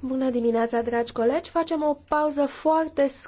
Bună dimineața, dragi colegi! Facem o pauză foarte scurtă.